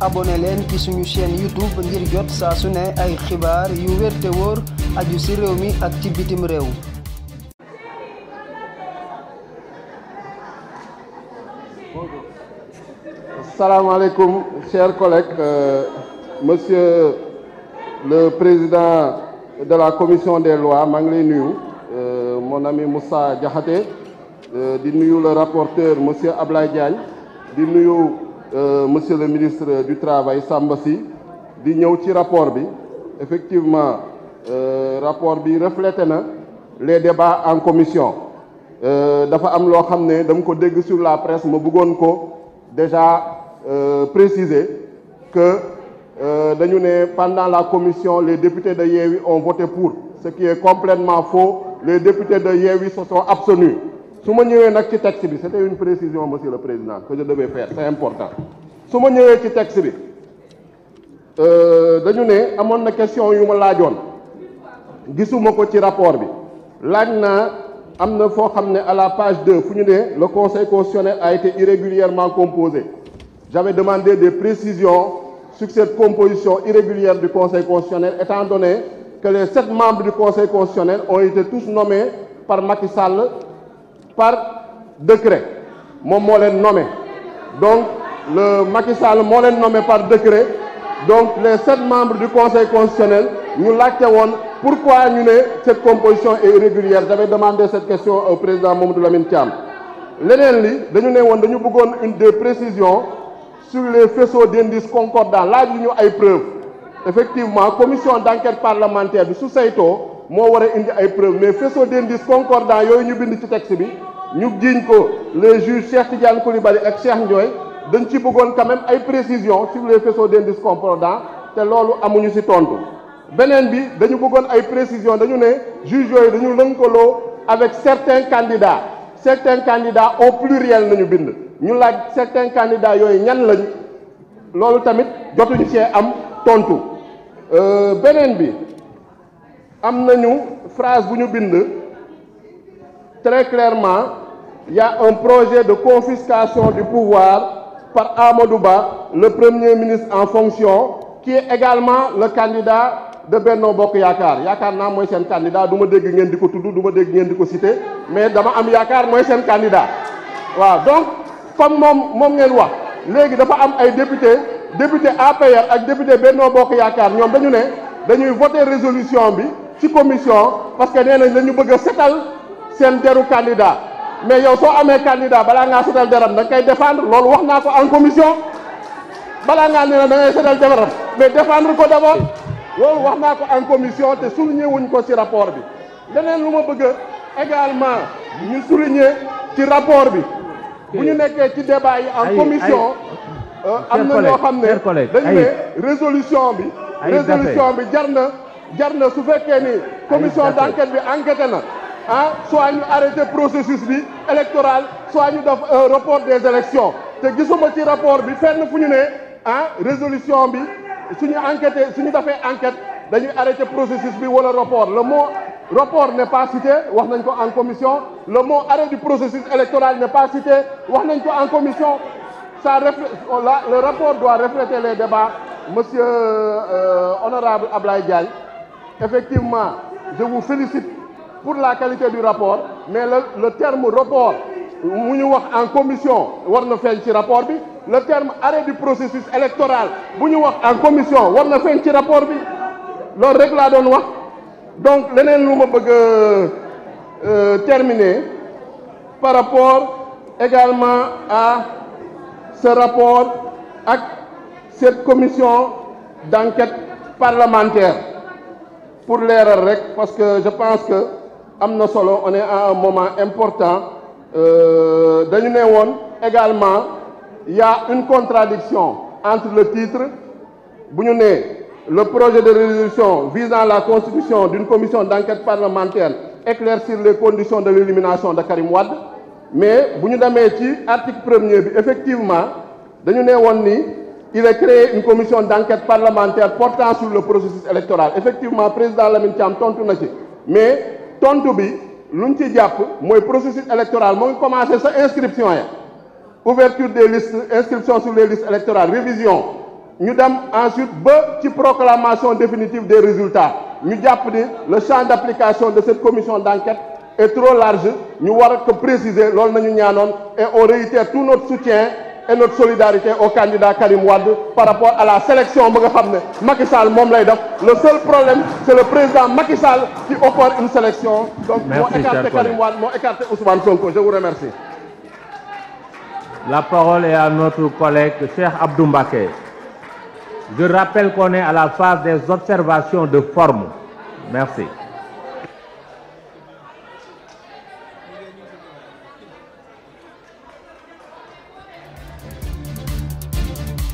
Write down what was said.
abonné leen ci suñu chaîne YouTube ngir jot saa su ne ay xibaar yu wér te wóor aju ci réew mi ak ci bitim réew. salaamaaleykum chers collègues euh, monsieur président de la commission des maa ngi lay nuyu euh, mon ami Moussa Diakhaté euh, di nuyu le rapporteur monsieur Ablaye Diagne di nuyu. Euh, monsieur le ministre du travail Samba si di ñëw ci rapport bi effectivement euh, rapport bi reflété na les débats en commission euh, dafa am loo xam ne dama ko dégg sur la presse ma bëggoon ko déjà préciser que dañu ne pendant la commission les députés de Yewwi on voté pour ce qui est complètement faux les députés de Yewwi se sont abstenus su ma ñëwee nag ci texte bi c'était une précision monsieur le président que je devais faire c'est important su ma ñëwee ci texte bi euh, dañu ne amoon na question yu ma laajoon gisuma ko ci rapport bi laaj na am na foo xam ne à la page deux fu ñu ne le conseil constitutionnel a été irrégulièrement composé j'avais demandé des précisions sur cette composition irrégulière du conseil constitutionnel étant donné que les sept membres du conseil constitutionnel ont été tous nommés par Macky Sall par décret moom moo leen nommé donc le Macky Sall moo leen nommé par décret donc les sept membres du conseil constitutionnel ñu laajte woon pourquoi ñu ne cette composition est irrégulière j'avais demandé cette question au président moom Mamadou Lamine Thiam leneen li dañu ne woon dañu bëggoon une des précisions sur les faisceaux d'indices concordants laaj yu ñu ay preuves effectivement commission d'enquête parlementaire bi su saytoo moo war a ay preuves mais faisceaux d'indices concordants yooyu ñu bind ci texte bi ñu jiiñ ko les juges Cheikh Tidiane Coulibaly ak Cheikh Ndoye dañ ci bëggoon quand ay précision sur les faisceaux d'indices concordants te loolu amuñu ci tontu beneen bi dañu bëggoon ay précisions dañu ne juges yooyu dañu lënkaloo avec certains candidats certains candidats au pluriel nañu bind ñu laaj certains candidats yooyu ñan lañ loolu tamit jotuñu cee am tontu euh, beneen bi am nañu phrase bu ñu bind. très clairement, il y un projet de confiscation du pouvoir par Amadouba, le Premier ministre en fonction, qui est également le candidat de Benno Bokk Yaakaar yaakaar naa mooy seen candidat du ma dégg ngeen di ko tudd du dégg ngeen di ko cité mais dama am yaakaar mooy seen candidat waaw donc comme moom moom ngeen wax léegi dafa am ay député député APR ak député Benno Bokk Yaakaar ñoom dañu ne dañuy voter résolution bi ci commission parce que nee nañ la ñu bëgg a setal seen deru candidat mais yow soo amee candidat balaa ngaa setal deram da nga koy défendre loolu wax naa ko en commission balaa ngaa ne da ngay setal deram mais défendre ko d'abord loolu wax naa ko en commission te souligner wuñ ko ci rapport bi leneen lu ma bëgg également ñu souligner ci rapport bi bu ñu nekkee ci débat yi en commission euh, am na ñoo xam ne dañ ne résolution bi résolution bi jar na jar na su fekkee ni commission d'enquête bi enquêté na ah soit ñu arrêté processus bi électoral soit ñu def un euh, des élections te gisuma ci rapport bi fenn fu ñu ne ah résolution bi suñu enquête ñu defee enquête dañuy arrêté processus bi wala report le moo report n'est pas wax nañ ko en commission le mot arrêt du processus électoral n'est pas wax nañ ko en commission ça reflète le rapport doit refléter les débats monsieur euh, honorable Ablaye Diagne effectivement je vous félicite pour la qualité du rapport mais le le terme report mu ñu wax en commission war na feeñ ci rapport bi le terme arrêt du processus électoral bu ñu wax en commission war na feeñ ci rapport bi loolu rek laa doon wax donc leneen lu ma bëgg a euh, euh, terminer par rapport également à ce rapport ak cette commission d'enquête parlementaire pour leeral rek parce que je pense que am na solo on est à un moment important euh, dañu ne woon également ya y a une contradiction entre le titre bu ñu ne le projet de résolution visant la constitution d'une commission d'enquête parlementaire éclaircir les conditions de l'élimination de Karim Wade mais bu ñu demee ci article premier bi effectivement dañu ne woon ni il est créé une commission d'enquête parlementaire portant sur le processus électoral effectivement président Lamine Thiam tontu na ci tontu bi luñ ci jàpp mooy processus électoral moo ngi commencé sa inscription ya ouverture des listes inscription sur les listes électorales révision ñu dem ensuite ba ci proclamation définitive des résultats ñu jàpp ni le champ d'application de cette commission d'enquête est trop large ñu war a ko préciser loolu nañu ñaanoon et on réitère tout notre soutien et notre solidarité au candidat Karim Wade par rapport à la sélection ba nga xam ne Macky Sall moom lay def le seul problème c'est le président Macky Sall qui offre une sélection donc moo la parole est à notre collègue Cheikh Abdou je rappelle qu'on est à la phase des observations de forme